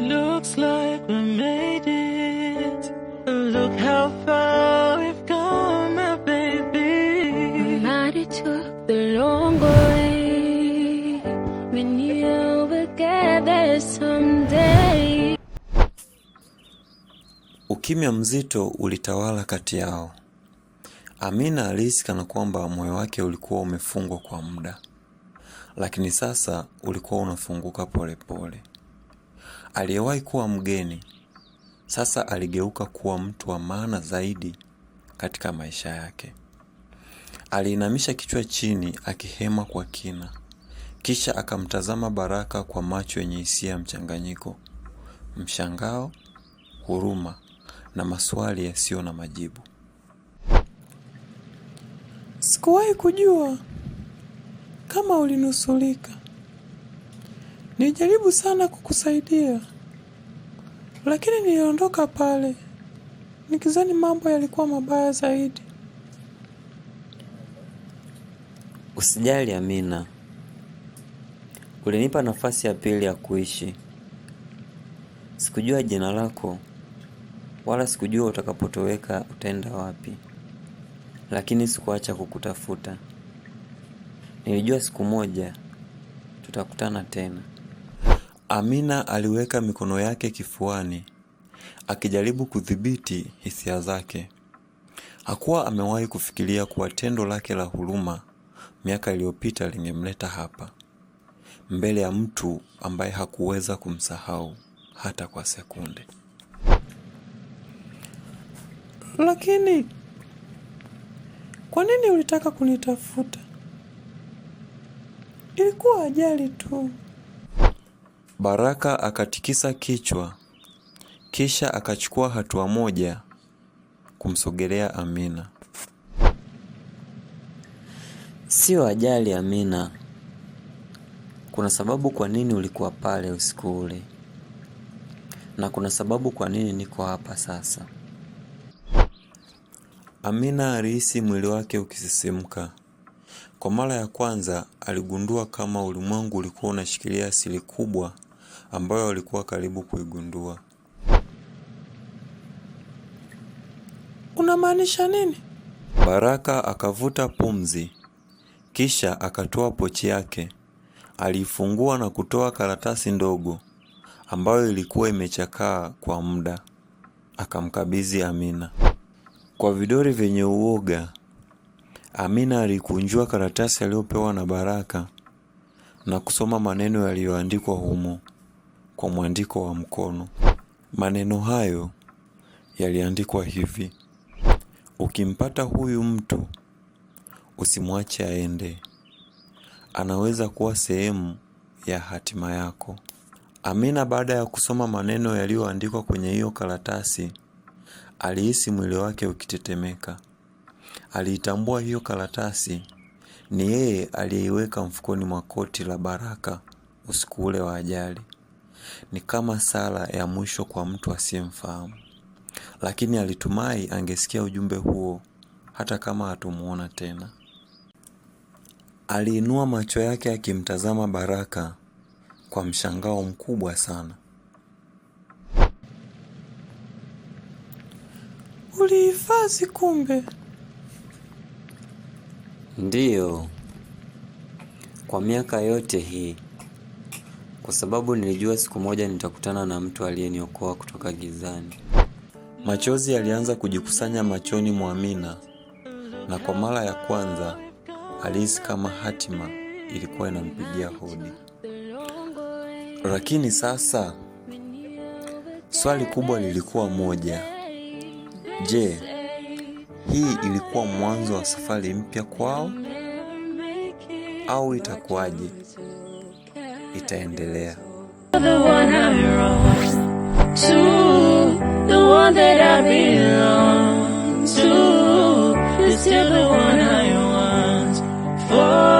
Looks like we made it. Look how far we've come, my baby. Might have took the long way. We knew we'd get there someday. Ukimya mzito ulitawala kati yao. Amina alihisi kana kwamba moyo wake ulikuwa umefungwa kwa muda, lakini sasa ulikuwa unafunguka polepole pole aliyewahi kuwa mgeni sasa aligeuka kuwa mtu wa maana zaidi katika maisha yake. Aliinamisha kichwa chini akihema kwa kina, kisha akamtazama Baraka kwa macho yenye hisia mchanganyiko, mshangao, huruma na maswali yasiyo na majibu. Sikuwahi kujua kama ulinusulika, Nilijaribu sana kukusaidia, lakini niliondoka pale nikizani mambo yalikuwa mabaya zaidi. Usijali Amina, ulinipa nafasi ya pili ya kuishi. Sikujua jina lako wala sikujua utakapotoweka utaenda wapi, lakini sikuacha kukutafuta. Nilijua siku moja tutakutana tena. Amina aliweka mikono yake kifuani, akijaribu kudhibiti hisia zake. Hakuwa amewahi kufikiria kuwa tendo lake la huruma miaka iliyopita lingemleta hapa, mbele ya mtu ambaye hakuweza kumsahau hata kwa sekunde. Lakini kwa nini ulitaka kunitafuta? Ilikuwa ajali tu. Baraka akatikisa kichwa kisha akachukua hatua moja kumsogelea Amina. Sio ajali Amina, kuna sababu kwa nini ulikuwa pale usiku ule, na kuna sababu kwa nini niko hapa sasa. Amina alihisi mwili wake ukisisimka. Kwa mara ya kwanza aligundua kama ulimwengu ulikuwa unashikilia siri kubwa ambayo walikuwa karibu kuigundua. Unamaanisha nini? Baraka akavuta pumzi, kisha akatoa pochi yake. Aliifungua na kutoa karatasi ndogo ambayo ilikuwa imechakaa kwa muda, akamkabidhi Amina kwa vidole vyenye uoga. Amina alikunjua karatasi aliyopewa na Baraka na kusoma maneno yaliyoandikwa humo kwa mwandiko wa mkono. Maneno hayo yaliandikwa hivi: ukimpata huyu mtu usimwache aende, anaweza kuwa sehemu ya hatima yako. Amina, baada ya kusoma maneno yaliyoandikwa kwenye hiyo karatasi, alihisi mwili wake ukitetemeka. Aliitambua hiyo karatasi ni yeye aliyeiweka mfukoni mwa koti la Baraka usiku ule wa ajali. Ni kama sala ya mwisho kwa mtu asiyemfahamu, lakini alitumai angesikia ujumbe huo hata kama hatumuona tena. Aliinua macho yake akimtazama Baraka kwa mshangao mkubwa sana. Ulihifadhi kumbe? Ndiyo, kwa miaka yote hii kwa sababu nilijua siku moja nitakutana na mtu aliyeniokoa kutoka gizani. Machozi yalianza kujikusanya machoni mwa Amina, na kwa mara ya kwanza alihisi kama hatima ilikuwa inampigia hodi. Lakini sasa swali kubwa lilikuwa moja: je, hii ilikuwa mwanzo wa safari mpya kwao au itakuwaje? itaendelea.